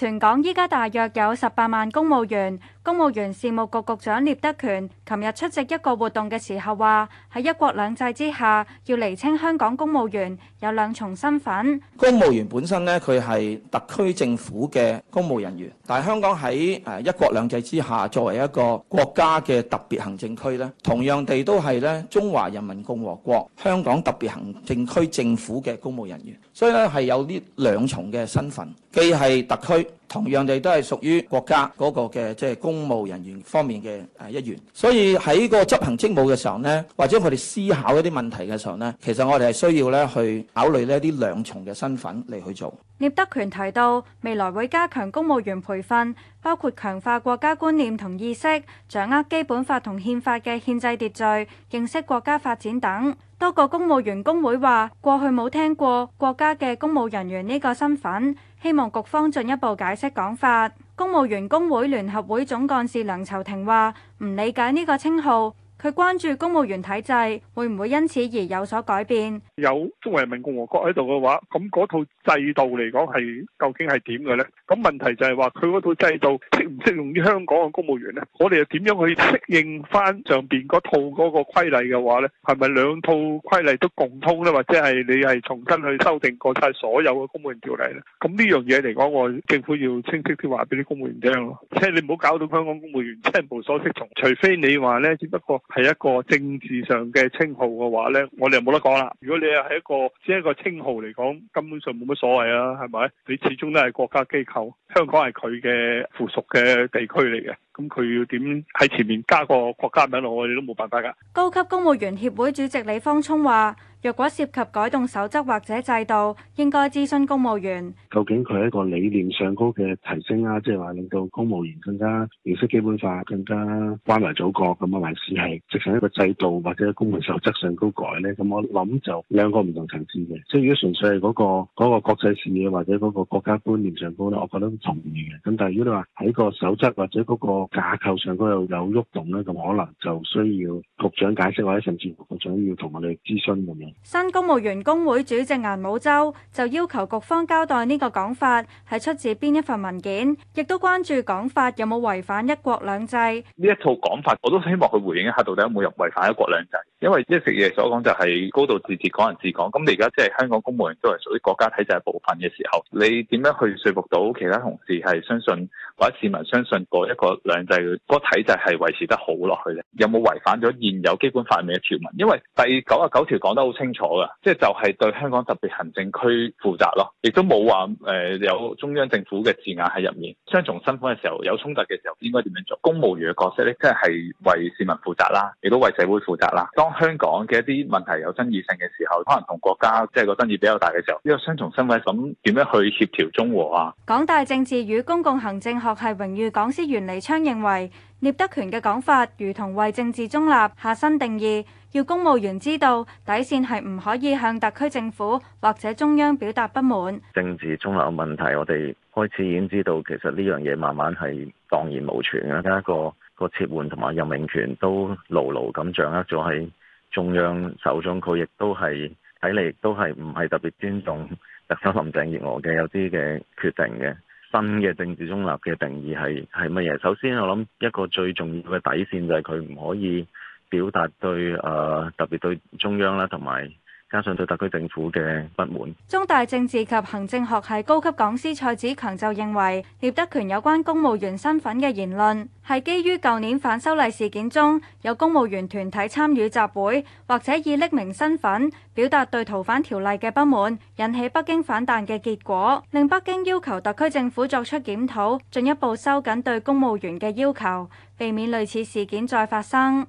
全港依家大約有十八萬公務員。公務員事務局局長聶德權琴日出席一個活動嘅時候話：喺一國兩制之下，要釐清香港公務員有兩重身份。公務員本身呢，佢係特區政府嘅公務人員，但係香港喺誒一國兩制之下，作為一個國家嘅特別行政區呢，同樣地都係呢中華人民共和國香港特別行政區政府嘅公務人員，所以呢係有呢兩重嘅身份，既係特區，同樣地都係屬於國家嗰個嘅即係公。「公務人員方面嘅誒一員，所以喺個執行職務嘅時候呢，或者佢哋思考一啲問題嘅時候呢，其實我哋係需要咧去考慮呢一啲兩重嘅身份嚟去做。聶德權提到，未來會加強公務員培訓，包括強化國家觀念同意識，掌握基本法同憲法嘅憲制秩序，認識國家發展等。多個公務員工會話：過去冇聽過國家嘅公務人員呢個身份，希望局方進一步解釋講法。公務員工會聯合會總幹事梁籌庭話：唔理解呢個稱號。佢關注公務員體制會唔會因此而有所改變？有中華人民共和國喺度嘅話，咁嗰套制度嚟講係究竟係點嘅咧？咁問題就係話佢嗰套制度適唔適用於香港嘅公務員咧？我哋又點樣去適應翻上邊嗰套嗰個規例嘅話咧？係咪兩套規例都共通咧？或者係你係重新去修訂過晒所有嘅公務員條例咧？咁呢樣嘢嚟講，我政府要清晰啲話俾啲公務員聽咯，即係你唔好搞到香港公務員即係無所適從，除非你話咧，只不過。係一個政治上嘅稱號嘅話呢，我哋就冇得講啦。如果你又係一個只係一個稱號嚟講，根本上冇乜所謂啦、啊，係咪？你始終都係國家機構，香港係佢嘅附屬嘅地區嚟嘅。咁佢要點喺前面加個國家名落，我哋都冇辦法噶。高級公務員協會主席李方聰話，若果涉及改動守則或者制度，應該諮詢公務員。究竟佢係一個理念上高嘅提升啊，即係話令到公務員更加認識基本法，更加關懷祖國，咁啊，還是係直上一個制度或者公務員守則上高改咧？咁我諗就兩個唔同層次嘅。即係如果純粹係嗰個嗰個國際事業，或者嗰個國家觀念上高咧，我覺得同意嘅。咁但係如果你話喺個守則或者嗰個架構上高有喐動咧，咁可能就需要局長解釋或者甚至局長要同我哋諮詢咁樣。新公務員工會主席顏武周就要求局方交代呢個講法係出自邊一份文件，亦都關注講法有冇違反一國兩制。呢一套講法我都希望佢回應一下，到底有冇入違反一國兩制。因為一食嘢所講就係高度自治，港人治港。咁你而家即係香港公務員都係屬於國家體制部分嘅時候，你點樣去說服到其他同事係相信或者市民相信個一國兩制嗰個體制係維持得好落去咧？有冇違反咗現有基本法入面嘅條文？因為第九十九條講得好清楚㗎，即係就係對香港特別行政區負責咯，亦都冇話誒有中央政府嘅字眼喺入面。雙重身份嘅時候有衝突嘅時候，應該點樣做？公務員嘅角色咧，即係係為市民負責啦，亦都為社會負責啦。當香港嘅一啲問題有爭議性嘅時候，可能同國家即係個爭議比較大嘅時候，呢個雙重身份咁點樣去協調中和啊？港大政治與公共行政學系榮譽講師袁彌昌認為，聶德權嘅講法如同為政治中立下新定義，要公務員知道底線係唔可以向特區政府或者中央表達不滿。政治中立嘅問題，我哋開始已經知道，其實呢樣嘢慢慢係蕩然無存嘅。一個一個切換同埋任命權都牢牢咁掌握咗喺。中央首長，佢亦都係睇嚟，都係唔係特別尊重特首林鄭月娥嘅有啲嘅決定嘅。新嘅政治中立嘅定義係係乜嘢？首先，我諗一個最重要嘅底線就係佢唔可以表達對誒、呃、特別對中央啦，同埋，加上對特區政府嘅不滿，中大政治及行政學系高級講師蔡子強就認為，聶德權有關公務員身份嘅言論係基於舊年反修例事件中有公務員團體參與集會，或者以匿名身份表達對逃犯條例嘅不滿，引起北京反彈嘅結果，令北京要求特區政府作出檢討，進一步收緊對公務員嘅要求，避免類似事件再發生。